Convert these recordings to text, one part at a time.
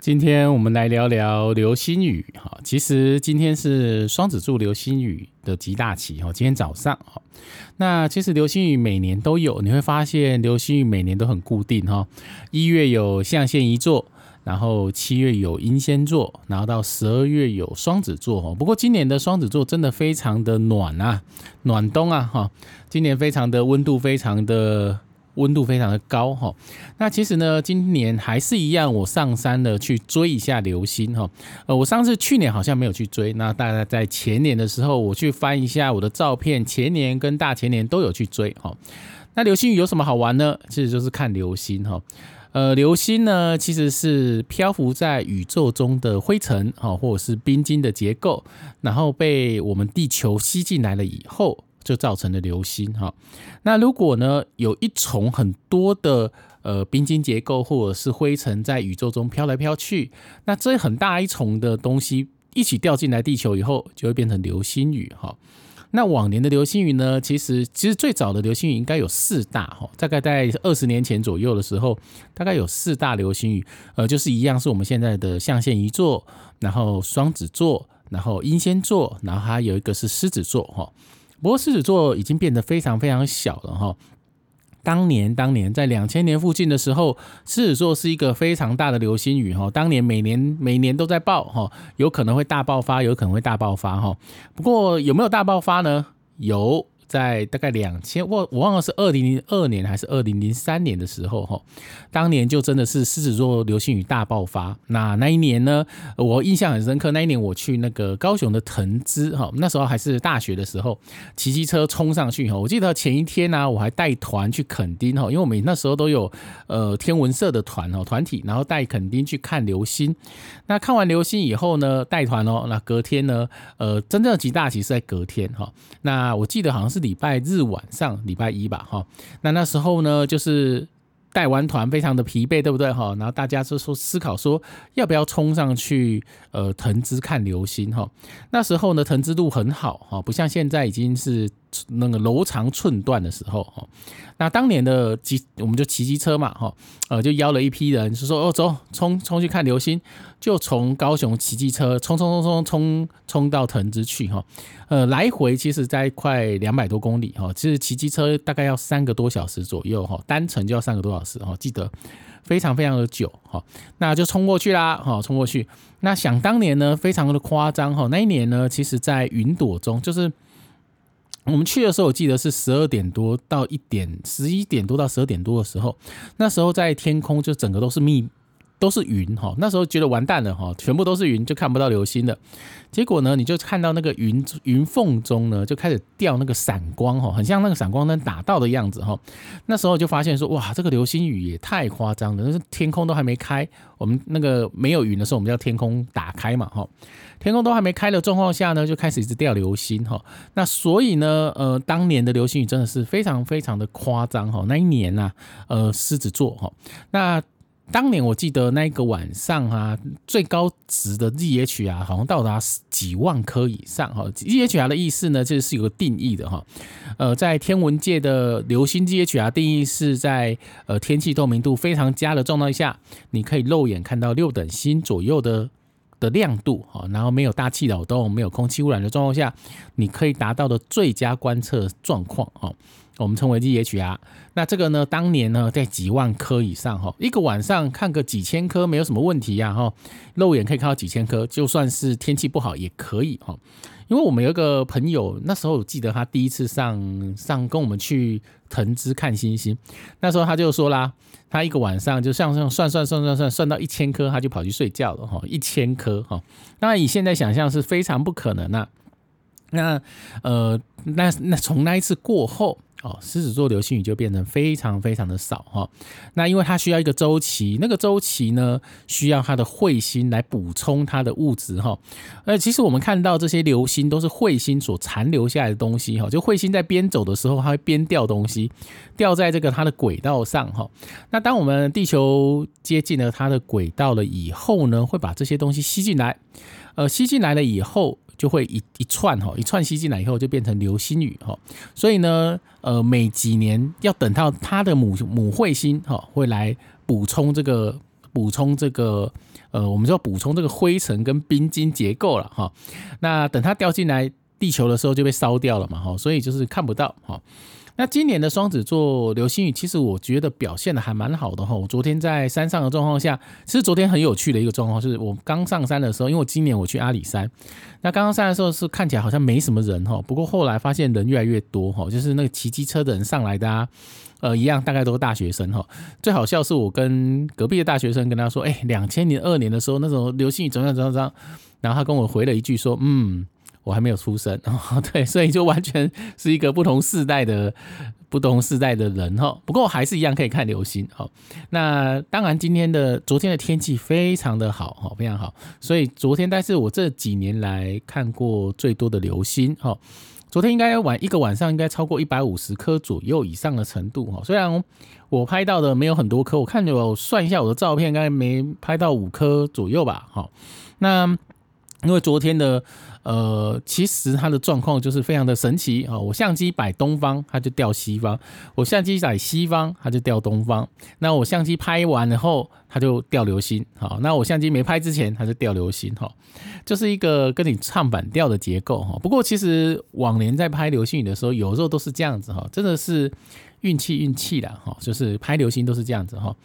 今天我們來聊聊流星雨哈，其實今天是雙子座流星雨的極大期哈，今天早上哈。那其實流星雨每年都有，你會發現流星雨每年都很固定哈。一月有象限儀座，然後七月有英仙座，然後到十二月有雙子座哈。不過今年的雙子座真的非常的暖啊，暖冬啊哈，今年非常的溫度非常的。溫度非常的高哈，那其實呢，今年還是一樣，我上山了去追一下流星哈。呃，我上次去年好像沒有去追，那大概在前年的時候，我去翻一下我的照片，前年跟大前年都有去追哈。那流星雨有什麼好玩呢？其實就是看流星哈。呃，流星呢其實是漂浮在宇宙中的灰塵哈，或者是冰晶的結構，然後被我們地球吸進來了以後。就造成了流星哈，那如果呢，有一重很多的呃冰晶結構或者是灰塵在宇宙中飄來飄去，那這很大一重的東西一起掉進來地球以後，就會變成流星雨哈。那往年的流星雨呢，其實其實最早的流星雨應該有四大哈，大概在二十年前左右的時候，大概有四大流星雨，呃，就是一樣是我們現在的象限儀座，然後雙子座，然後英仙座，然後還有一個是獅子座哈。不過獅子座已經變得非常非常小了齁。當年當年在2000年附近的時候，獅子座是一個非常大的流星雨齁。當年每年每年都在爆齁，有可能會大爆發，有可能會大爆發齁。不過有沒有大爆發呢？有。在大概兩千我我忘了是二零零二年還是二零零三年的時候哈，當年就真的是獅子座流星雨大爆發。那那一年呢，我印象很深刻。那一年我去那個高雄的藤枝哈，那時候還是大學的時候，騎機車衝上去哈。我記得前一天呢、啊，我還帶團去墾丁哈，因為我們那時候都有呃天文社的團哦團體，然後帶墾丁去看流星。那看完流星以後呢，帶團哦，那隔天呢，呃，真正的極大其實是在隔天哈、哦。那我記得好像是。禮拜日晚上，禮拜一吧，哈，那那時候呢，就是帶完團非常的疲憊，對不對，哈？然後大家就說思考說，要不要衝上去，呃，藤枝看流星，哈，那時候呢，藤枝路很好，哈，不像現在已經是。那個樓長寸斷的時候哦，那當年的機，我們就騎機車嘛哈，呃，就邀了一批人，是說哦，走，衝衝去看流星，就從高雄騎機車衝衝衝衝衝衝到藤枝去哈，呃，來回其實在快兩百多公里哈，其實騎機車大概要三個多小時左右哈，單程就要三個多小時哈，記得非常非常的久哈，那就衝過去啦哈，衝過去，那想當年呢，非常的誇張哈，那一年呢，其實在雲朵中就是。我們去的時候，我記得是十二點多到一點，十一點多到十二點多的時候，那時候在天空就整個都是密，都是雲哈。那時候覺得完蛋了哈，全部都是雲，就看不到流星了。結果呢，你就看到那個雲雲縫中呢，就開始掉那個閃光哈，很像那個閃光燈打到的樣子哈。那時候就發現說，哇，這個流星雨也太誇張了，但是天空都還沒開，我們那個沒有雲的時候，我們叫天空打開嘛哈。天空都還沒開的狀況下呢，就開始一直掉流星哈。那所以呢，呃，當年的流星雨真的是非常非常的誇張哈。那一年吶、啊，呃，獅子座哈。那當年我記得那一個晚上啊，最高值的 ZHR 好像到達幾萬顆以上哈。ZHR 的意思呢，這是有個定義的哈。呃，在天文界的流星 ZHR 定義是在呃天氣透明度非常佳的狀態下，你可以肉眼看到六等星左右的的亮度啊，然後沒有大氣擾動，沒有空氣污染的狀況下，你可以達到的最佳觀測狀況啊。我們稱為 GHR，那這個呢？當年呢，在幾萬顆以上哈，一個晚上看個幾千顆沒有什麼問題呀、啊、哈，肉眼可以看到幾千顆，就算是天氣不好也可以哈。因為我們有一個朋友，那時候我記得他第一次上上跟我們去藤枝看星星，那時候他就說啦，他一個晚上就上上算算算算算算，算到一千顆，他就跑去睡覺了哈，一千顆哈。當然以現在想象是非常不可能的。那，呃，那那從那一次過後哦，獅子座流星雨就變成非常非常的少哈、哦。那因為它需要一個周期，那個周期呢需要它的彗星來補充它的物質哈、哦。呃，其實我們看到這些流星都是彗星所殘留下來的東西哈、哦。就彗星在邊走的時候，它會邊掉東西，掉在這個它的軌道上哈、哦。那當我們地球接近了它的軌道了以後呢，會把這些東西吸進來，呃，吸進來了以後。就會一串一串一串吸進來以後就變成流星雨，所以呢，呃，每幾年要等到它的母母彗星哈，會來補充這個補充這個呃，我們說補充這個灰塵跟冰晶結構了哈，那等它掉進來地球的時候就被燒掉了嘛哈，所以就是看不到哈。那今年的雙子座流星雨，其實我覺得表現的還蠻好的哈。我昨天在山上的狀況下，其實昨天很有趣的一個狀況，就是我剛上山的時候，因為我今年我去阿里山，那剛剛上山的時候是看起來好像沒什麼人哈，不過後來發現人越來越多哈，就是那個騎機車的人上來的、啊，呃，一樣大概都是大學生哈。最好笑的是我跟隔壁的大學生跟他說，哎、欸，兩千零二年的時候那時候流星雨怎麼樣怎麼樣，然後他跟我回了一句說，嗯。我還沒有出生，對，所以就完全是一個不同世代的、不同世代的人哈。不過我還是一樣可以看流星哈。那當然，今天的、昨天的天氣非常的好，非常好。所以昨天，但是我這幾年來看過最多的流星，哈，昨天應該晚一個晚上應該超過一百五十顆左右以上的程度哈。雖然我拍到的沒有很多顆，我看著我算一下我的照片，應該沒拍到五顆左右吧，哈。那。因為昨天的，呃，其實它的狀況就是非常的神奇哈，我相機擺東方，它就掉西方；我相機在西方，它就掉東方。那我相機拍完然後它就掉流星，好，那我相機沒拍之前，它就掉流星，哈，就是一個跟你唱反調的結構，哈。不過其實往年在拍流星雨的時候，有時候都是這樣子，哈，真的是運氣運氣啦。哈，就是拍流星都是這樣子，哈。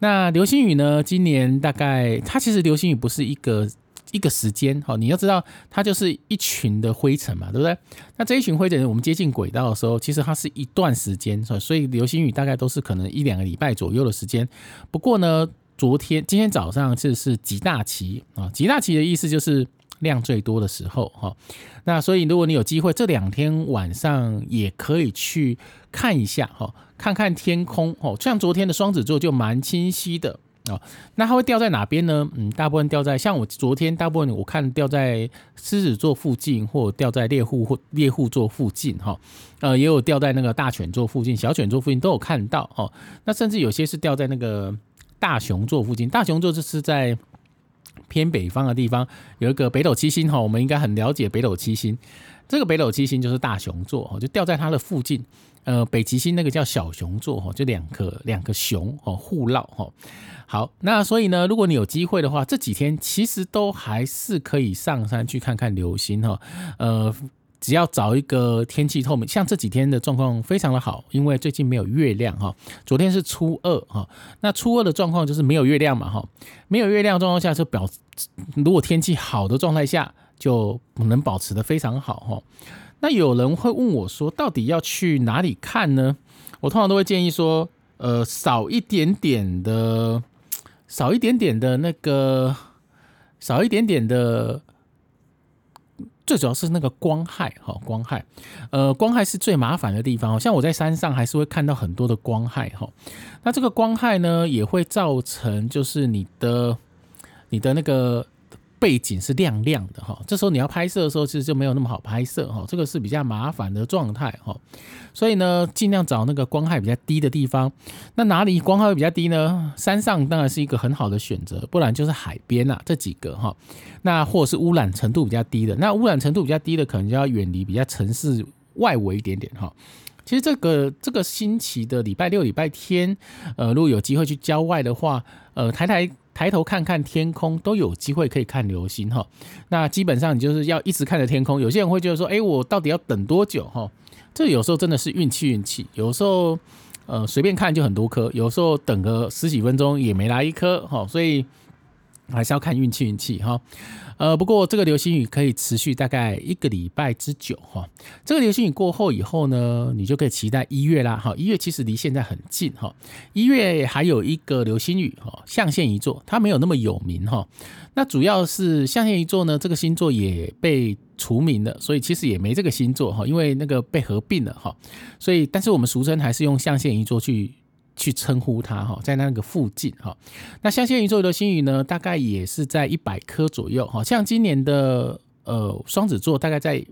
那流星雨呢？今年大概它其實流星雨不是一個。一個時間，好，你要知道，它就是一群的灰塵嘛，對不對？那這一群灰塵，我們接近軌道的時候，其實它是一段時間，所以流星雨大概都是可能一兩個禮拜左右的時間。不過呢，昨天今天早上這是極大期啊，極大期的意思就是量最多的時候，哈。那所以如果你有機會，這兩天晚上也可以去看一下，哈，看看天空，哦。像昨天的雙子座就蠻清晰的。哦，那它會掉在哪邊呢？嗯，大部分掉在像我昨天大部分我看掉在獅子座附近，或掉在獵戶或獵戶座附近，哈，呃，也有掉在那個大犬座附近、小犬座附近都有看到哦。那甚至有些是掉在那個大熊座附近，大熊座這是在。偏北方的地方有一個北斗七星哈，我們應該很了解北斗七星。這個北斗七星就是大熊座，就掉在它的附近。呃，北極星那個叫小熊座，就兩顆，兩個熊哦互繞，好，那所以呢，如果你有機會的話，這幾天其實都還是可以上山去看看流星哈。呃。只要找一個天氣透明，像這幾天的狀況非常的好，因為最近沒有月亮哈。昨天是初二哈，那初二的狀況就是沒有月亮嘛哈，沒有月亮狀況下就表，如果天氣好的狀態下就能保持的非常好哈。那有人會問我說，到底要去哪裡看呢？我通常都會建議說，呃，少一點點的，少一點點的那個，少一點點的。最主要是那個光害哈，光害，呃，光害是最麻煩的地方，像我在山上還是會看到很多的光害哈。那這個光害呢，也會造成就是你的你的那個。背景是亮亮的哈，這時候你要拍攝的時候，其實就沒有那麼好拍攝哈，這個是比較麻煩的狀態哈，所以呢，盡量找那個光害比較低的地方。那哪裡光害會比較低呢？山上當然是一個很好的選擇，不然就是海邊啊，這幾個哈。那或者是污染程度比較低的，那污染程度比較低的，可能就要遠離比較城市外圍一點點哈。其實這個這個星期的禮拜六、禮拜天，呃，如果有機會去郊外的話，呃，台台。抬頭看看天空，都有機會可以看流星哈。那基本上你就是要一直看着天空。有些人會覺得說，誒，我到底要等多久哈？這有時候真的是運氣運氣。有時候呃隨便看就很多顆，有時候等個十幾分鐘也沒來一顆哈。所以。還是要看運氣，運氣哈，呃，不過這個流星雨可以持續大概一個禮拜之久哈。這個流星雨過後以後呢，你就可以期待一月啦哈。一月其實離現在很近哈。一月還有一個流星雨哈，象限儀座，它沒有那麼有名哈。那主要是象限儀座呢，這個星座也被除名了，所以其實也沒這個星座哈，因為那個被合併了哈。所以，但是我們俗稱還是用象限儀座去。去稱呼它哈，在那個附近哈，那像仙女座流星雨呢，大概也是在一百顆左右哈。像今年的呃雙子座，大概在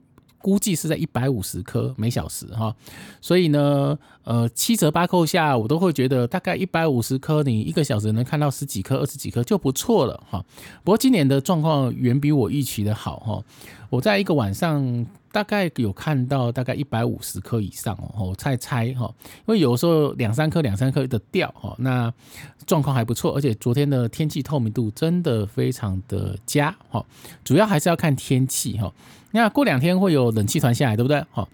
估計是在一百五十顆每小時哈。所以呢，呃七折八扣下，我都會覺得大概一百五十顆，你一個小時能看到十幾顆、二十幾顆就不錯了哈。不過今年的狀況遠比我預期的好哈。我在一個晚上。大概有看到大概一百五十顆以上哦，我再猜哈，因為有時候兩三顆兩三顆的掉哈，那狀況還不錯，而且昨天的天氣透明度真的非常的佳哈，主要還是要看天氣哈，那過兩天會有冷氣團下來，對不對哈？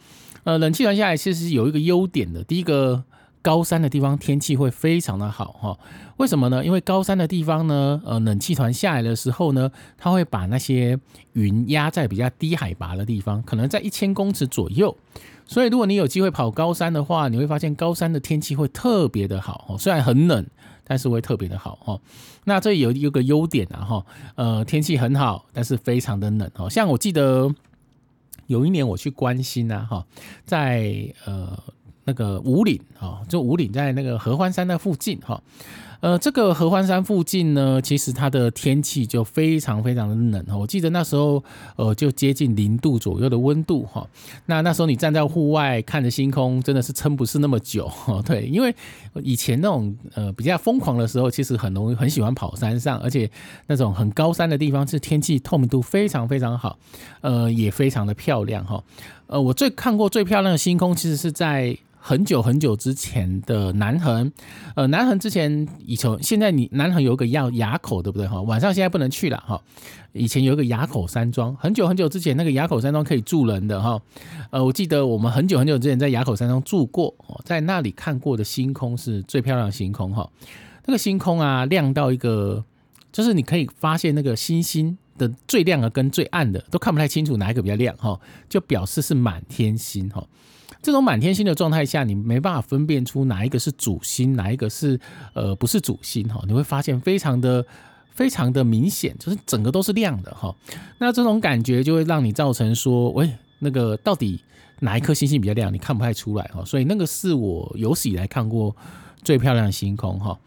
呃，冷氣團下來其實有一個優點的，第一個。高山的地方天氣會非常的好哈，為什麼呢？因為高山的地方呢，呃，冷氣團下來的時候呢，它會把那些雲壓在比較低海拔的地方，可能在一千公尺左右。所以如果你有機會跑高山的話，你會發現高山的天氣會特別的好，雖然很冷，但是會特別的好哈。那這有有一個優點啊哈，呃，天氣很好，但是非常的冷哦。像我記得有一年我去關心啊哈，在呃。那個武嶺啊，就武嶺在那個合歡山的附近哈，呃，這個合歡山附近呢，其實它的天氣就非常非常的冷哈，我記得那時候呃就接近零度左右的溫度哈，那那時候你站在戶外看着星空，真的是撐不是那麼久哈，對，因為以前那種呃比較瘋狂的時候，其實很容易很喜歡跑山上，而且那種很高山的地方，是天氣透明度非常非常好，呃，也非常的漂亮哈，呃，我最看過最漂亮的星空，其實是在。很久很久之前的南橫，呃，南橫之前以前，現在你南橫有個叫埡口，對不對哈？晚上現在不能去了哈。以前有一個埡口山莊，很久很久之前那個埡口山莊可以住人的哈。呃，我記得我們很久很久之前在埡口山莊住過哦，在那裡看過的星空是最漂亮的星空哈。那個星空啊，亮到一個，就是你可以發現那個星星。的最亮的跟最暗的都看不太清楚，哪一個比較亮哈，就表示是滿天星哈。這種滿天星的狀態下，你沒辦法分辨出哪一個是主星，哪一個是呃不是主星哈。你會發現非常的非常的明顯，就是整個都是亮的哈。那這種感覺就會讓你造成說，喂，那個到底哪一顆星星比較亮？你看不太出來哈。所以那個是我有史以來看過最漂亮的星空哈。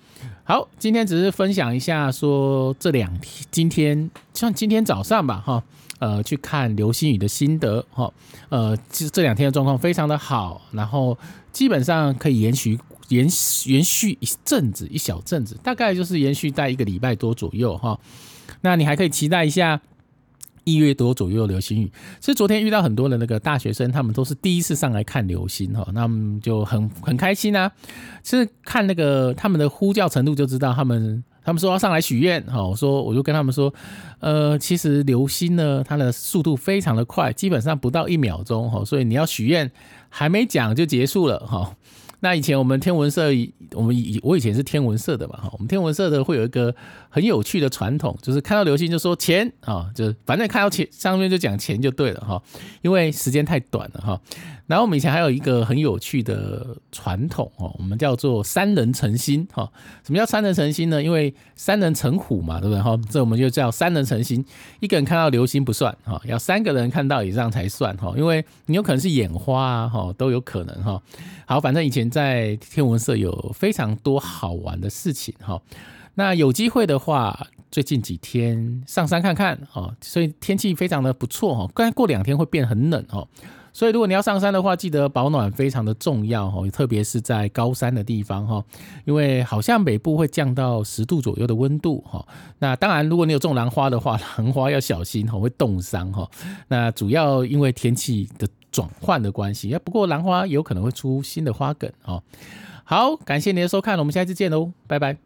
好，今天只是分享一下，說這兩天今天像今天早上吧，哈，呃，去看流星雨的心得，哈，呃，其實這兩天的狀況非常的好，然後基本上可以延續延續延續一陣子，一小陣子，大概就是延續在一個禮拜多左右，哈，那你還可以期待一下。一月多左右流星雨，其實昨天遇到很多的那個大學生，他們都是第一次上來看流星哈，那麼就很很開心啊。是看那個他們的呼叫程度就知道，他們他們說要上來許願哈，我說我就跟他們說，呃，其實流星呢，它的速度非常的快，基本上不到一秒鐘哈，所以你要許願還沒講就結束了哈。那以前我們天文社，我們以我以前是天文社的嘛，哈，我們天文社的會有一個很有趣的傳統，就是看到流星就說錢啊，就是，反正看到錢上面就講錢就對了哈，因為時間太短了哈。然後我們以前還有一個很有趣的傳統哦，我們叫做三人成星哈。什麼叫三人成星呢？因為三人成虎嘛，對不對？哈，這我們就叫三人成星。一個人看到流星不算哈，要三個人看到以上才算哈。因為你有可能是眼花啊，哈，都有可能哈。好，反正以前在天文社有非常多好玩的事情哈。那有機會的話，最近幾天上山看看哈。所以天氣非常的不錯哈，剛才過兩天會變很冷哈。所以如果你要上山的話，記得保暖非常的重要哦，特別是在高山的地方哈，因為好像北部會降到十度左右的溫度哈。那當然，如果你有種蘭花的話，蘭花要小心哈，會凍傷哈。那主要因為天氣的轉換的關係，不過蘭花有可能會出新的花梗哦。好，感謝您的收看，我們下一次見嘍，拜拜。